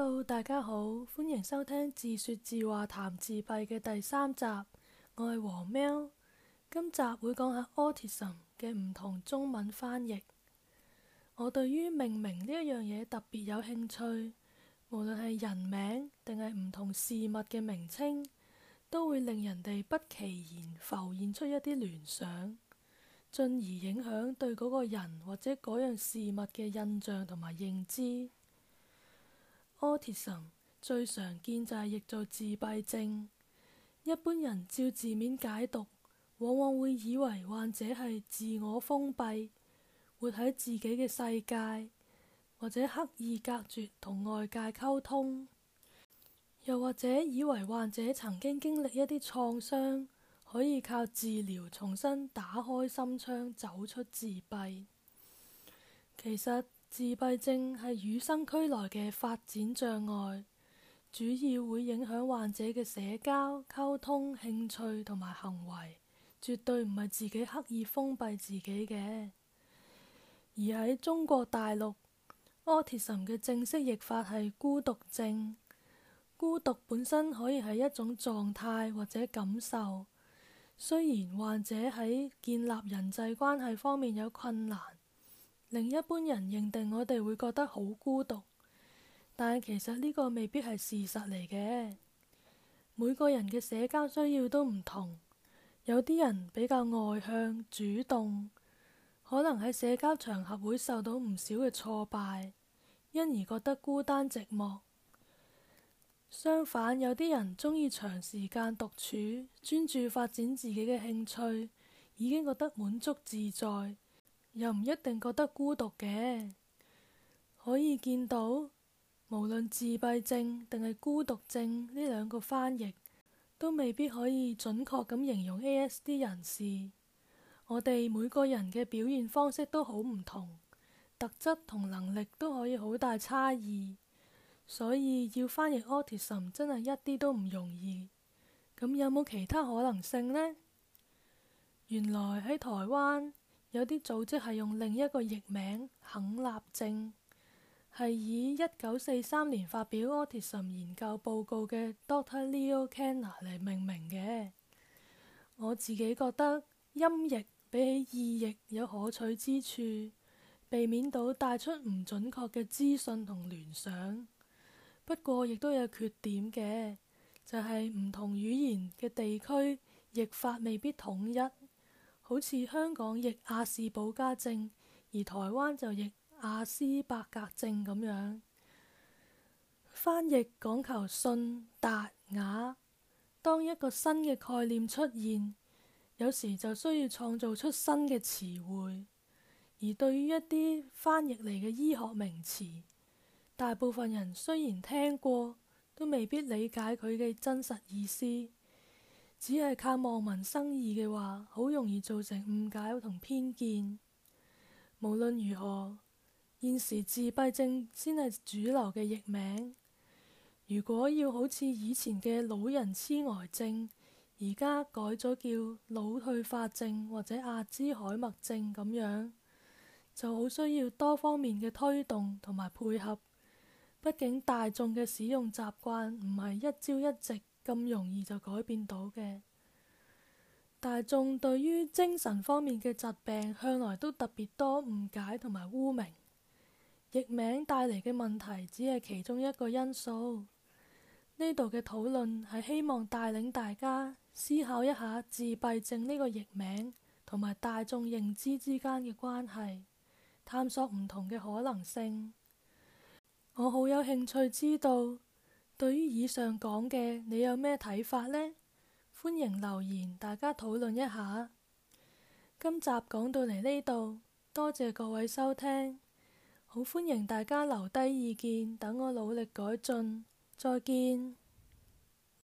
hello，大家好，歡迎收聽自說自話談自閉嘅第三集。我係黃喵，今集會講下 autism 嘅唔同中文翻譯。我對於命名呢一樣嘢特別有興趣，無論係人名定係唔同事物嘅名稱，都會令人哋不其然浮現出一啲聯想，進而影響對嗰個人或者嗰樣事物嘅印象同埋認知。Autism 最常見就係譯做自閉症，一般人照字面解讀，往往會以為患者係自我封閉，活喺自己嘅世界，或者刻意隔絕同外界溝通，又或者以為患者曾經經歷一啲創傷，可以靠治療重新打開心窗，走出自閉。其實。自閉症係與生俱來嘅發展障礙，主要會影響患者嘅社交、溝通、興趣同埋行為，絕對唔係自己刻意封閉自己嘅。而喺中國大陸，autism 嘅正式譯法係孤獨症。孤獨本身可以係一種狀態或者感受，雖然患者喺建立人際關係方面有困難。另一般人認定我哋會覺得好孤獨，但係其實呢個未必係事實嚟嘅。每個人嘅社交需要都唔同，有啲人比較外向、主動，可能喺社交場合會受到唔少嘅挫敗，因而覺得孤單寂寞。相反，有啲人鍾意長時間獨處，專注發展自己嘅興趣，已經覺得滿足自在。又唔一定覺得孤獨嘅，可以見到，無論自閉症定係孤獨症呢兩個翻譯，都未必可以準確咁形容 ASD 人士。我哋每個人嘅表現方式都好唔同，特質同能力都可以好大差異，所以要翻譯 autism 真係一啲都唔容易。咁有冇其他可能性呢？原來喺台灣。有啲組織係用另一個譯名，肯納症，係以一九四三年發表 Autism 研究報告嘅 Doctor Leo Kanner 嚟命名嘅。我自己覺得音譯比起意譯有可取之處，避免到帶出唔準確嘅資訊同聯想。不過亦都有缺點嘅，就係唔同語言嘅地區譯法未必統一。好似香港譯亞氏保加症，而台灣就譯亞斯伯格症咁樣。翻譯講求信達雅。當一個新嘅概念出現，有時就需要創造出新嘅詞彙。而對於一啲翻譯嚟嘅醫學名詞，大部分人雖然聽過，都未必理解佢嘅真實意思。只係靠望文生義嘅話，好容易造成誤解同偏見。無論如何，現時自閉症先係主流嘅譯名。如果要好似以前嘅老人痴呆症，而家改咗叫腦退化症或者阿茲海默症咁樣，就好需要多方面嘅推動同埋配合。畢竟大眾嘅使用習慣唔係一朝一夕，咁容易就改變到嘅。大眾對於精神方面嘅疾病向來都特別多誤解同埋污名，譯名帶嚟嘅問題只係其中一個因素。呢度嘅討論係希望帶領大家思考一下自閉症呢個譯名同埋大眾認知之間嘅關係，探索唔同嘅可能性。我好有興趣知道。對於以上講嘅，你有咩睇法呢？歡迎留言，大家討論一下。今集講到嚟呢度，多謝各位收聽，好歡迎大家留低意見，等我努力改進。再見。